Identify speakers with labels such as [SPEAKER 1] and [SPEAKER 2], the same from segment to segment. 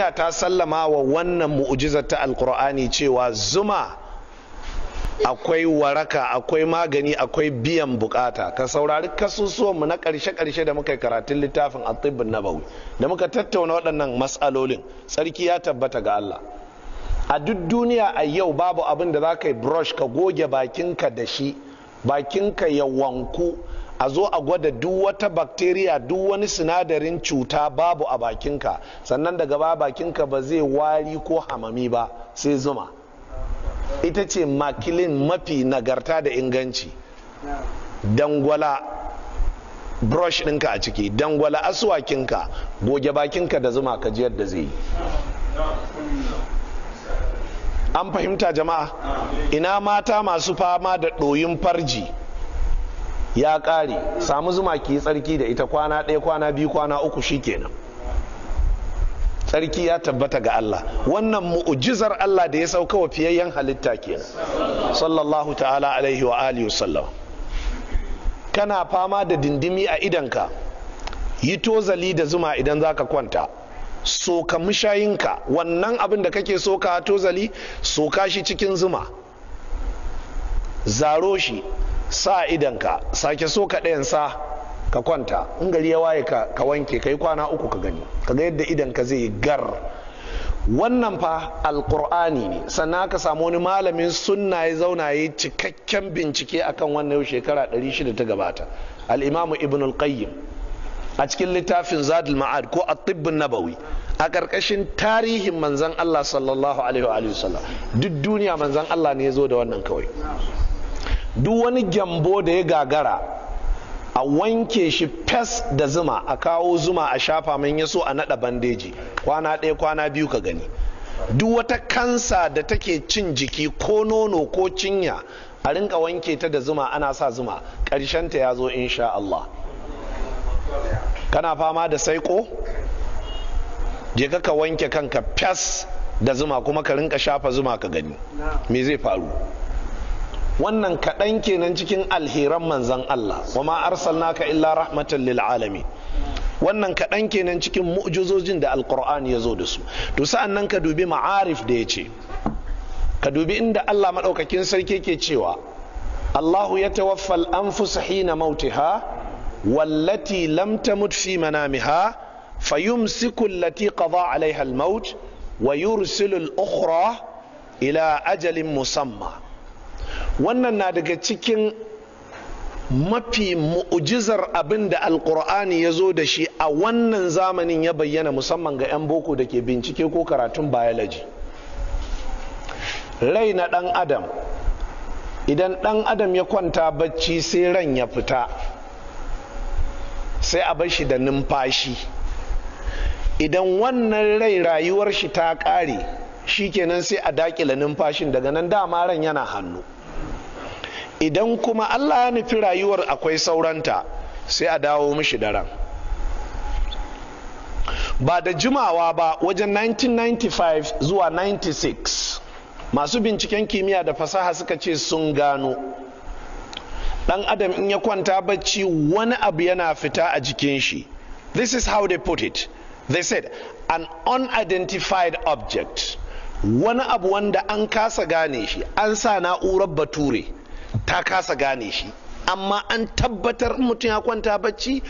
[SPEAKER 1] duniya ta sallama wa wannan mu'ujizar ta alkur'ani cewa zuma akwai waraka akwai magani akwai biyan bukata ka saurari kasusuwanmu na karshe-karshe da muka karatun littafin atibin nabawi da muka tattauna waɗannan matsalolin tsarki ya tabbata ga Allah a duk duniya a yau babu abin da za ka yi brush ka goge bakinka da shi bakinka ya wanku a zo a gwada duk wata bakteriya duk wani sinadarin cuta babu a bakinka sannan daga ba bakinka ba zai wari ko hamami ba sai zuma ita ce makilin mafi nagarta da inganci dangwala brush ɗinka a ciki dangwala aswakinka goge bakinka da zuma ka ji yadda zai yi an fahimta jama'a ina mata masu fama da ɗoyin farji ya ƙare samu zuma ki tsarki da ita kwana ɗaya kwana biyu kwana uku shi shikenan tsarki ya tabbata ga Allah wannan mu'ujizar Allah da ya sauka wa fiyayyen halitta kenan sallallahu ta'ala alaihi wa alihi sallam kana fama da dindimi a idanka yi tozali da zuma idan zaka kwanta soka mushayinka wannan abin da kake soka tozali soka shi cikin zuma zaro shi sa idanka sake so ka ɗayan sa ka kwanta in gari ya waye ka wanke. ka yi kwana uku ka gani Ka ga yadda idanka zai gar wannan fa alkur'ani ne sannan aka samu wani malamin sunna ya zauna ya cikakken bincike a kan wannan yau shekara 600 ta gabata al'imamu ibn al-qayyim a cikin littafin zadul ma'ad ko a tibbin nabawi a ƙarƙashin tarihin manzan Allah sallallahu alaihi wa sallam duk duniya manzan Allah ne ya zo da wannan kawai duk wani gyambo da ya gagara a wanke shi fes da zuma a kawo zuma a shafa min ya a naɗa bandeji kwana ɗaya kwana biyu ka gani duk wata kansa da take cin jiki ko nono ko cinya a rinka wanke ta da zuma ana sa zuma ƙarshenta ya zo insha Allah kana fama da saiko je ka ka wanke kanka fes da zuma kuma ka rinka shafa zuma ka gani me zai faru wannan kaɗan kenan cikin alheran manzan Allah wa ma ka illa rahmatan lil alamin wannan kaɗan kenan cikin mu'jizojin da alqur'ani ya zo da su to sa'an nan ka dubi ma'arif da ya ce ka dubi inda Allah maɗaukakin sarki ke cewa Allahu ya tawaffal anfusa hina mautiha wallati lam tamut fi manamiha فيمسك التي قضى wa الموت ويرسل ukhra ila ajalin musamma. wannan na daga cikin mafi mu'ujizar abin da alkur'ani ya zo da shi a wannan zamanin ya bayyana musamman ga 'yan boko da ke bincike ko karatun biology rai na dan adam idan dan adam ya kwanta bacci sai ran ya fita sai a bar shi da numfashi idan wannan rai rayuwar shi ta ƙare shikenan sai a dakila numfashin daga nan dama ran yana hannu idan kuma allah ya nufi rayuwar akwai sauranta sai a dawo mishi daren ba da jimawa ba wajen 1995 zuwa 96 masu binciken kimiyya da fasaha suka ce sun gano dan adam in ya kwanta bacci wani abu yana fita a jikin shi this is how they put it they said an unidentified object wani abu wanda an kasa gane shi an sa na'urar bature ta kasa gane shi amma an tabbatar mutum ya kwanta bacci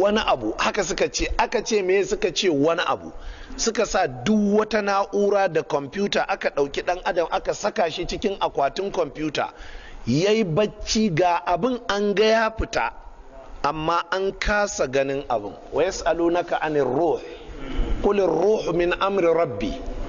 [SPEAKER 1] wani abu haka suka ce aka ce me suka ce wani abu suka sa duk wata na'ura da kwamfuta aka ɗauki ɗan adam aka saka shi cikin akwatin kwamfuta ya yi bacci ga abin an ga ya fita amma an kasa ganin abin wa yas'alunaka anir ruh qul ruhu min amri rabbi